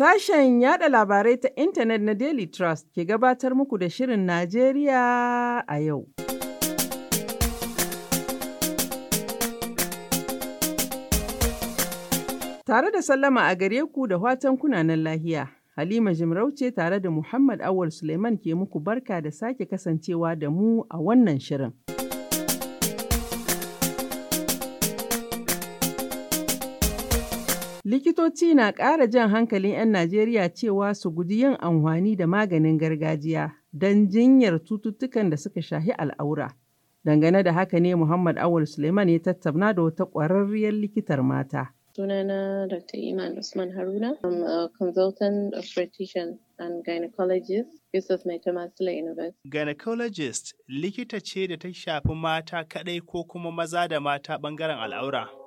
Sashen yada labarai ta intanet na Daily Trust ke gabatar muku da Shirin Najeriya a yau. Tare da sallama a gare ku da watan kunanan lahiya, Halima Jimarauce tare da Muhammad Awal Suleiman ke muku barka da sake kasancewa da mu a wannan shirin. Likitoci na ƙara jan hankalin 'yan Najeriya cewa su guji yin amfani da maganin gargajiya don jinyar cututtukan da suka shahi al'aura. Dangane da haka ne Muhammad Awul Suleiman ya tattauna da wata ƙwararriyar likitar mata. Sunana Dr. Iman Usman Haruna, I'm a consultant obstetrician and gynecologist, Yusuf Masila University. Gynecologist likita ce da ta shafi mata kaɗai ko kuma maza da mata ɓangaren al'aura.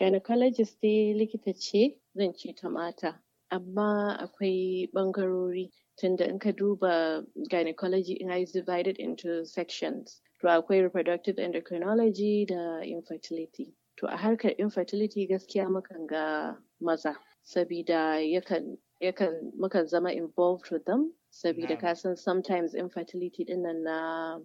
Gynecologist dai likita ce zan ce ta mata, amma akwai ɓangarori tunda in ka duba gynecology in is divided into sections. To akwai reproductive endocrinology da infertility. To a harkar infertility gaskiya mukan ga maza, sabida yakan yakan mukan zama involved with them sabida ka san sometimes infertility dinnan na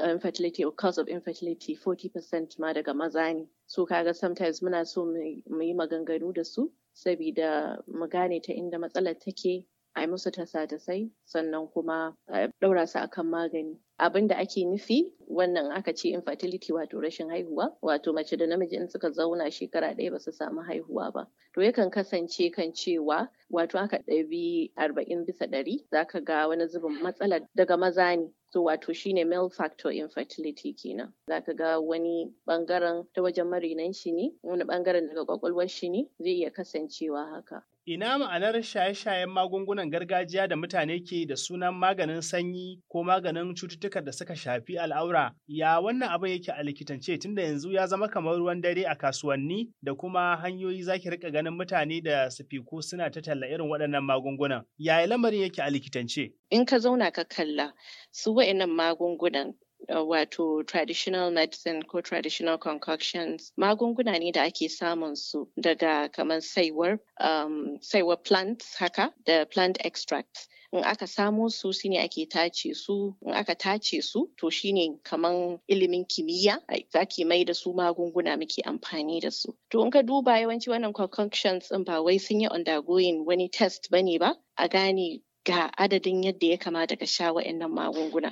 infertility or cause of infertility 40% ma daga maza ne. So kaga sometimes muna so mu yi maganganu da su sabida mu gane ta inda matsalar take a yi musu tasa sai sannan kuma a ɗaura su akan magani. Abin da ake nufi wannan aka ce infertility wato rashin haihuwa wato mace da namiji in suka zauna shekara ɗaya ba su samu haihuwa ba. To yakan kasance kan cewa wato aka ɗabi arba'in bisa ɗari ka ga wani zubin matsalar daga maza ne. So wato shine male factor infertility kenan. za ka ga wani bangaren ta wajen marinan shi ne, wani bangaren daga kwakwalwar shi ne zai iya kasancewa haka. Ina ma'anar shaye-shayen magungunan gargajiya da mutane ke da sunan maganin sanyi ko maganin cututtukan da suka shafi al'aura, ya wannan abin yake a likitance tun da yanzu ya zama kamar ruwan dare a kasuwanni da kuma hanyoyi za ki rika ganin mutane da ko suna ta talla irin waɗannan magungunan. Yaya lamarin yake a likitance? In ka zauna ka kalla, su wa'annan magungunan uh, wato traditional medicine ko traditional concoctions magunguna ne da ake samun su daga kamar saiwar um, saiwar plants haka da plant extracts in aka samo su shine ake tace su in aka tace su to shine kaman ilimin kimiyya zaki mai da su magunguna muke amfani da su to in ka duba yawanci wannan concoctions din ba wai sun yi undergoing wani test bane ba a gane ga adadin yadda ya kamata ka sha wa'annan magunguna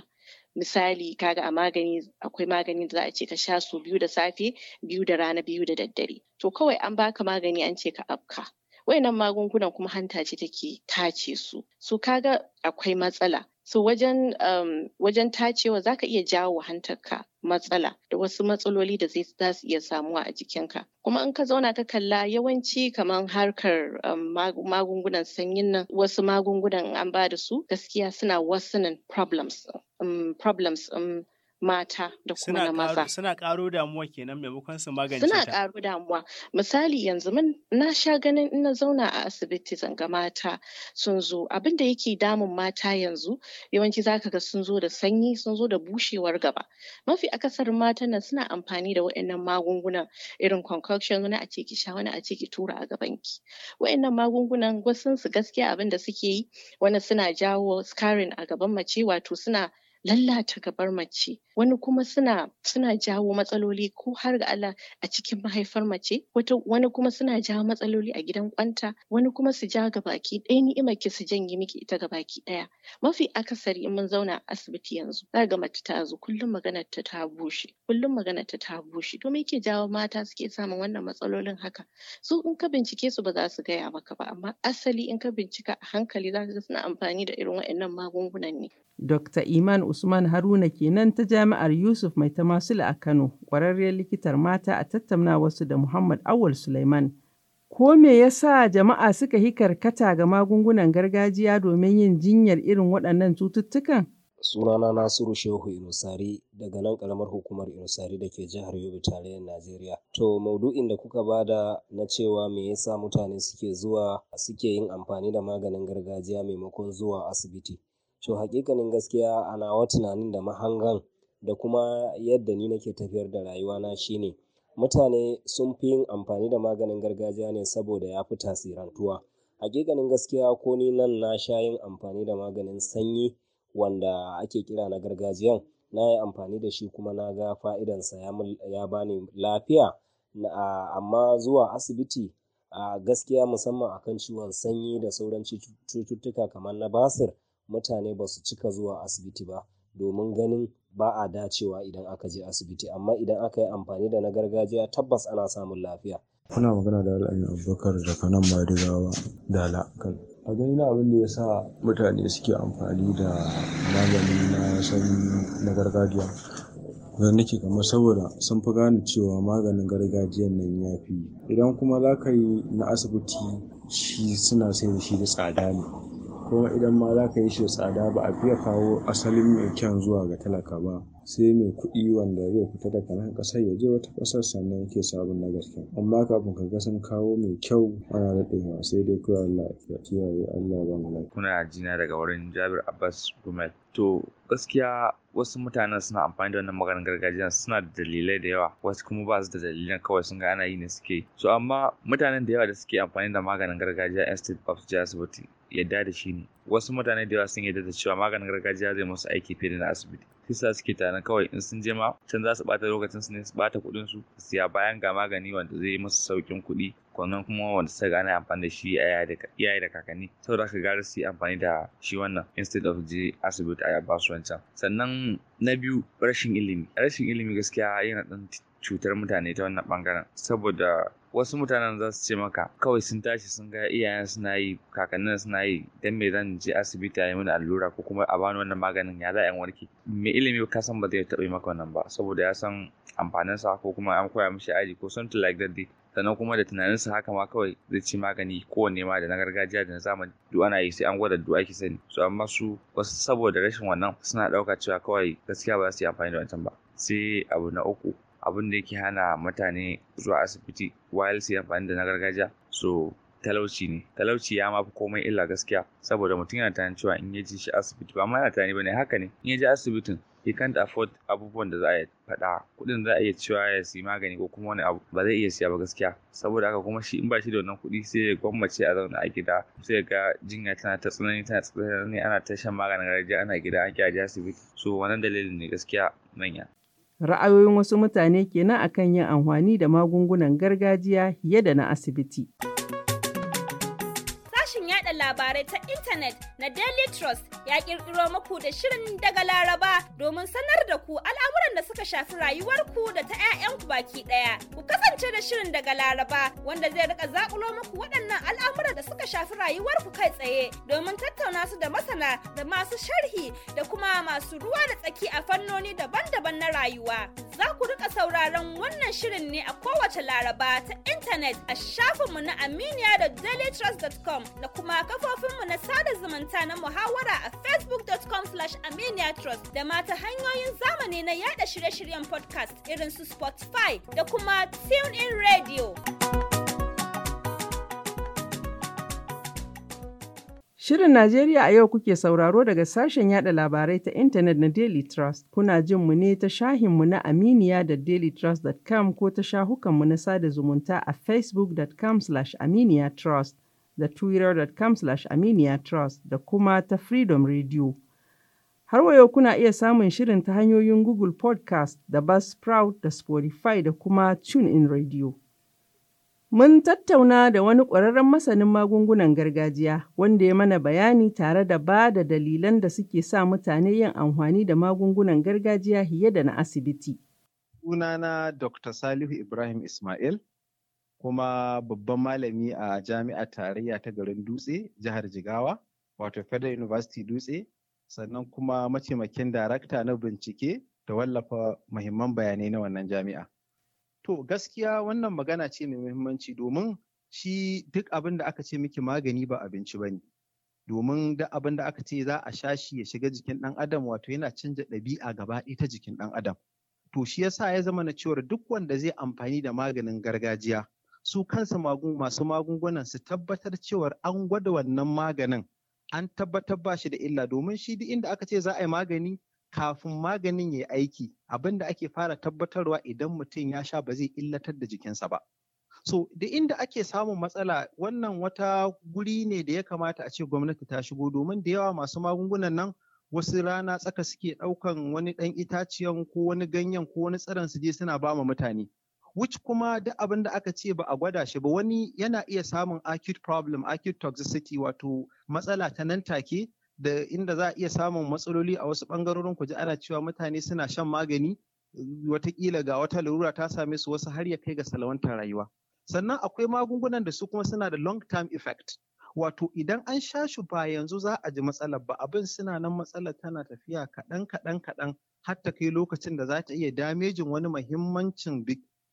misali kaga a magani akwai magani da za a ce ka sha su biyu da safe biyu da rana biyu da daddare to kawai an baka magani an ce ka afka wayannan magungunan kuma hanta ce take tace su so ga akwai matsala su wajen um, wajen tacewa za ka iya jawo hantarka matsala da wasu matsaloli da zai za su iya samuwa a jikinka kuma in ka zauna ka kalla yawanci kamar harkar um, magungunan sanyin nan wasu magungunan an ba da su gaskiya suna wasu nan problems um, problems um, mata da kuma na maza. Suna ƙaro damuwa kenan maimakon su magance Suna ƙaro damuwa. Misali yanzu min na sha ganin in na zauna a asibiti zanga mata sun zo abin da yake damun mata yanzu yawanci zaka ga sun zo da sanyi sun zo da bushewar gaba. Mafi akasarin matan nan suna amfani da waɗannan magungunan irin concoction wani a ce ki sha wani a ce ki tura a gaban ki. Waɗannan magungunan wasu su gaskiya abin da suke yi wani suna jawo scarring a gaban mace wato suna lallata gabar mace wani kuma suna suna jawo matsaloli ko har ga Allah a cikin mahaifar mace wani kuma suna jawo matsaloli a gidan kwanta wani kuma su ja baki ɗaya ni'imar ki su janye miki ita ga baki ɗaya mafi akasari in mun zauna a asibiti yanzu za ga mace ta zo kullum maganar ta ta bushe kullum maganar ta ta bushe to me yake jawo mata suke samun wannan matsalolin haka su in ka bincike su ba za su gaya maka ba amma asali in ka bincika a hankali za ka ga suna amfani da irin waɗannan magungunan ne Dr. Iman Usman Haruna kenan ta Jami'ar Yusuf Mai Tamasula a Kano, ƙwararriyar likitar mata a wasu da Muhammad Awal Suleiman. Ko me ya sa jama'a suka yi karkata ga magungunan gargajiya domin yin jinyar irin waɗannan cututtukan? Sunana Nasiru Shehu inusari daga nan karamar hukumar inusari da ke jihar Yobe tarayyar Najeriya. To maudu'in da kuka bada na cewa me yasa mutane suke zuwa suke yin amfani da maganin gargajiya maimakon zuwa asibiti. To haƙiƙanin gaskiya a nawa tunanin da mahangan da kuma yadda ni nake tafiyar da rayuwana shine mutane sun fi yin amfani da maganin gargajiya ne saboda ya fi tasirantuwa. Haƙiƙanin gaskiya ko ni nan na sha yin amfani da maganin sanyi wanda ake kira na gargajiyan. Na yi amfani da shi kuma na ga fa'idansa ya bani lafiya. amma zuwa asibiti a gaskiya musamman a kan ciwon sanyi da sauran cututtuka kamar na basir. mutane ba su cika zuwa asibiti ba domin ganin ba a dacewa idan aka je asibiti amma idan aka yi amfani da na gargajiya tabbas ana samun lafiya. Kuna magana da Alhaji Abubakar da nan Madigawa da Kano. a ganina abin da ya sa mutane suke amfani da magani na sanyi na gargajiya zan nake kamar saboda sun fi gane cewa maganin gargajiyan nan ya fi idan kuma za ka yi na asibiti shi suna sai da shi da tsada ne kuma idan ma za ka yi shi da tsada ba a fiye kawo asalin mai kyan zuwa ga talaka ba sai mai kuɗi wanda zai fita daga nan ƙasar ya je wata ƙasar sannan yake sabon na gaske amma kafin ka ga sun kawo mai kyau ana daɗewa sai dai kawai Allah ya kiyaye Allah ba mu kuna jina daga wurin Jabir Abbas Gumel to gaskiya wasu mutanen suna amfani da wannan maganin gargajiya suna da dalilai da yawa wasu kuma ba su da dalilan kawai sun ga ana yi ne suke so amma mutanen da yawa da suke amfani da maganin gargajiya instead of asibiti yadda da shi ne wasu mutane da yawa sun yadda da cewa maganin gargajiya zai musu aiki fiye da na asibiti kisa suke tana kawai in sun je ma can za su bata lokacin su ne su bata kuɗin su siya bayan ga magani wanda zai musu saukin kuɗi barkonon kuma wanda suka gane amfani da shi iyaye da kakanni saboda haka gara su yi amfani da shi wannan instead of je asibiti a ba su wancan sannan na biyu rashin ilimi rashin ilimi gaskiya yana dan cutar mutane ta wannan bangaren saboda wasu mutanen za su ce maka kawai sun tashi sun ga iyayen suna yi kakannin suna yi dan me zan je asibiti a yi mini allura ko kuma a bani wannan maganin ya za a warke me ilimi ka san ba zai taɓa maka wannan ba saboda ya san amfanin sa ko kuma an koya mishi aji ko something like that dai sannan kuma da tunaninsa haka ma kawai zai ci magani kowanne ma da na gargajiya da na zamani duk ana yi sai an gwada duk ake sani su amma su wasu saboda rashin wannan suna ɗauka cewa kawai gaskiya ba za su yi amfani da wancan ba sai abu na uku abin da yake hana mutane zuwa asibiti while su yi amfani da na gargajiya so talauci ne talauci ya mafi komai illa gaskiya saboda mutum yana tunanin cewa in ya ji shi asibiti ba ma yana tunani ne, haka ne in ya je asibitin he can't afford abubuwan da za a faɗa kuɗin za a iya cewa ya siyi magani ko kuma wani abu ba zai iya siya ba gaskiya saboda haka kuma shi in ba shi da wannan kuɗi sai ya gwammace a zauna a gida sai ya ga jinya tana ta tsanani tana tsanani ana ta shan maganin gargajiya ana gida an su asibiti so wannan dalilin ne gaskiya manya ra'ayoyin wasu mutane kenan akan yin amfani da magungunan gargajiya fiye da na asibiti. labarai ta intanet na Daily Trust ya kirkiro muku da shirin daga Laraba domin sanar da ku al'amuran da suka shafi rayuwarku da ta 'ya'yanku baki ɗaya. Ku kasance da shirin daga Laraba wanda zai rika zakulo muku waɗannan al'amuran da suka shafi rayuwarku kai tsaye domin tattauna su da masana da masu sharhi da kuma masu ruwa da tsaki a fannoni daban-daban na rayuwa. Za ku rika sauraron wannan shirin ne a kowace Laraba ta intanet a shafinmu na aminiya da dailytrust.com da kuma kafin kafofinmu na sada zumunta na muhawara a facebook.com slash aminiatrust da mata hanyoyin zamani na yada shirye-shiryen podcast irin su spotify da kuma tune in radio Shirin Najeriya a yau kuke sauraro daga sashen yada labarai ta intanet na Daily Trust. Kuna jin mu ne ta shahinmu na Aminiya da dailytrust.com ko ta shahukanmu na sada zumunta a facebook.com/aminiya trust. da twittercom trust da kuma ta Freedom Radio. Har wa yau kuna iya samun shirin ta hanyoyin Google Podcast da Buzzsprout da Spotify da kuma in Radio. Mun tattauna da wani ƙwararren masanin magungunan gargajiya wanda ya mana bayani tare da ba da dalilan da suke sa mutane yin amfani da magungunan gargajiya fiye da na asibiti. Sunana Dr. Salihu Ibrahim Ismail, kuma babban malami a jami'ar tarayya ta garin dutse jihar jigawa wato federal university dutse sannan kuma mataimakin darakta na bincike da wallafa mahimman bayanai na wannan jami'a to gaskiya wannan magana ce mai muhimmanci domin shi duk abin da aka ce miki magani ba abinci ba ne domin duk abin da aka ce za a sha shi ya shiga jikin ɗan adam wato yana canja ɗabi'a gaba ɗaya ta jikin ɗan adam to shi yasa ya zama na cewar duk wanda zai amfani da maganin gargajiya su kansa masu magungunan su tabbatar cewar an gwada wannan maganin an tabbatar ba shi da illa domin shi duk inda aka ce za a yi magani kafin maganin ya yi aiki abin da ake fara tabbatarwa idan mutum ya sha ba zai illatar da jikinsa ba. So da inda ake samun matsala wannan wata guri ne da ya kamata a ce gwamnati ta shigo domin da yawa masu magungunan nan wasu rana tsaka suke ɗaukan wani ɗan itaciyan ko wani ganyen ko wani tsiron su je suna ba mutane. which kuma duk abin da aka ce ba a gwada shi ba wani yana iya samun acute problem acute toxicity wato matsala ta nan take da inda za a iya samun matsaloli a wasu bangarorin ku ji ana cewa mutane suna shan magani watakila ga wata larura ta same su wasu har ya kai ga salawantar rayuwa sannan akwai magungunan da su kuma suna da long term effect wato idan an sha shi ba yanzu za a ji matsala ba abin suna nan matsalar tana tafiya kaɗan kaɗan kaɗan har ta kai lokacin da za ta iya damejin wani muhimmancin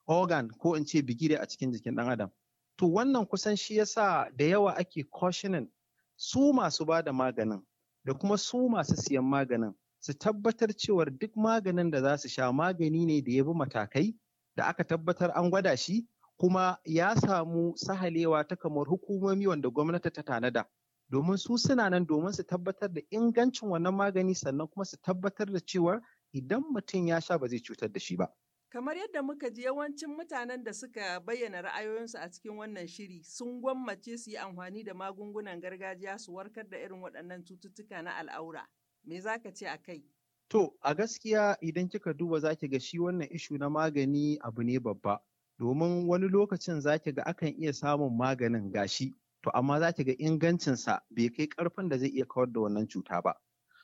organ ko in ce bigire a cikin jikin ɗan adam to wannan kusan shi yasa da yawa ake cautioning su masu ba da maganin da kuma su masu siyan maganin su tabbatar cewar duk maganin da za su sha magani ne da ya bi matakai da aka tabbatar an gwada shi kuma ya samu sahalewa ta kamar hukumomi wanda gwamnati ta tanada domin su suna nan domin su tabbatar da ingancin wannan magani sannan kuma su tabbatar da cewar idan mutum ya sha ba zai cutar da shi ba. Kamar yadda muka ji yawancin mutanen da suka bayyana ra'ayoyinsu a cikin wannan shiri sun gwammace su yi amfani da magungunan gargajiya su warkar da irin waɗannan cututtuka na al'aura. Me za ka ce a kai? To, a gaskiya idan kika duba za ki ga shi wannan ishu na magani abu ne babba. Domin wani lokacin za ga akan iya samun maganin gashi, to amma za ga ingancinsa bai kai ƙarfin da zai iya kawar da wannan cuta ba.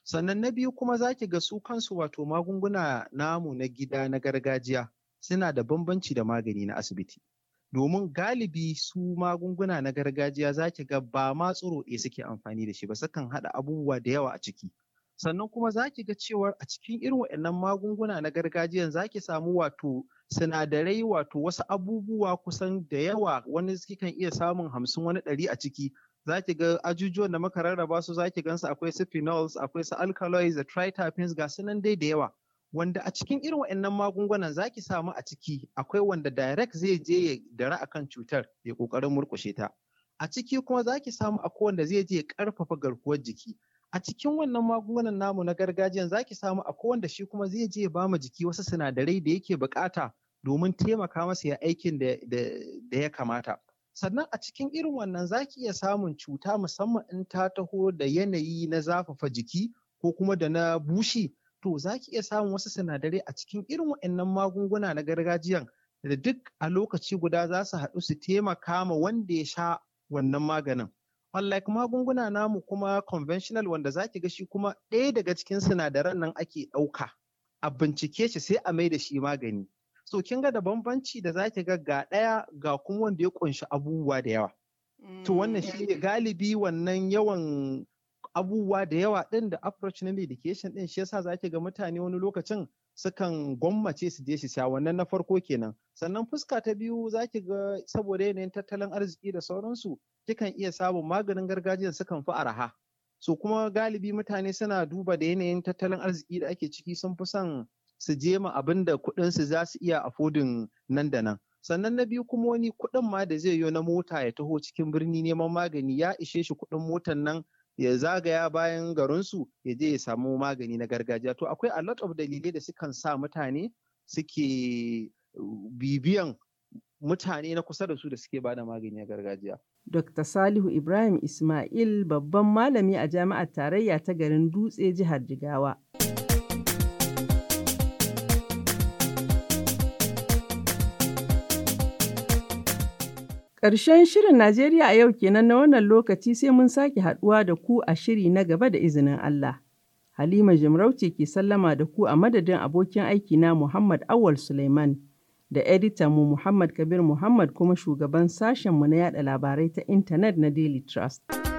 sannan na biyu kuma za ki ga su kansu wato magunguna namu na gida na gargajiya suna da bambanci da magani na asibiti domin galibi su magunguna na gargajiya za ki ga ba ma tsiro ɗaya suke amfani da shi ba sukan haɗa abubuwa da yawa a ciki sannan kuma za ki ga cewar a cikin irin waɗannan magunguna na gargajiyan za ki samu wato sinadarai wato wasu abubuwa kusan da yawa wani kan iya samun hamsin wani ɗari a ciki za ki ga ajujuwan da muka rarraba su za ki gansu akwai su phenols akwai su alkaloids da triterpenes ga su nan dai da yawa wanda a cikin irin waɗannan magungunan za ki samu a ciki akwai wanda direct zai je ya dara akan cutar ya ƙoƙarin murkushe ta a ciki kuma za ki samu akwai wanda zai je ya karfafa garkuwar jiki a cikin wannan magungunan namu na gargajiyan za ki samu akwai wanda shi kuma zai je ya ba mu jiki wasu sinadarai da yake buƙata domin taimaka masa ya aikin da ya kamata sannan a cikin irin wannan za ki iya samun cuta musamman in ta taho da yanayi na zafafa jiki ko kuma da na bushi to za ki iya samun wasu sinadarai a cikin irin waɗannan magunguna na gargajiyan da duk a lokaci guda za su haɗu su taimaka ma wanda ya sha wannan maganin. Unlike magunguna namu kuma conventional wanda za ki ga shi kuma ɗaya daga cikin sinadaran nan ake ɗauka. A bincike shi sai a mai da shi magani. so kin ga da bambanci da zaki ga ga ɗaya ga kuma wanda ya kunshi abubuwa da yawa to mm. wannan shi ne galibi wannan yawan abubuwa da yawa ɗin da approach na medication din shi yasa zaki ga mutane wani lokacin sukan gwammace su je su sha wannan na farko kenan sannan fuska ta biyu zaki ga saboda yanayin tattalin arziki da sauransu kikan iya samun maganin gargajiya sukan fi araha so kuma galibi mutane suna duba da yanayin tattalin arziki da ake ciki sun fi son su je ma abin da kuɗin su za su iya afodin nan da nan sannan na biyu kuma wani kuɗin ma da zai yi na mota ya taho cikin birni neman magani ya ishe shi kuɗin motan nan ya zagaya bayan garinsu ya je ya samu magani na gargajiya to akwai a lot of dalilai da sukan sa mutane suke uh, bibiyan mutane na kusa da su da suke bada magani na gargajiya. Dr. Salihu Ibrahim Ismail babban malami a jami'ar tarayya ta garin Dutse jihar Jigawa. Karshen shirin Najeriya a yau kenan na wannan lokaci sai mun sake haɗuwa da ku a shiri na gaba da izinin Allah. Halima Jimarauce ke sallama da ku a madadin abokin aikina Muhammad Awal Suleiman da editan mu Muhammad Kabir Muhammad kuma shugaban sashenmu na yada labarai ta intanet na Daily Trust.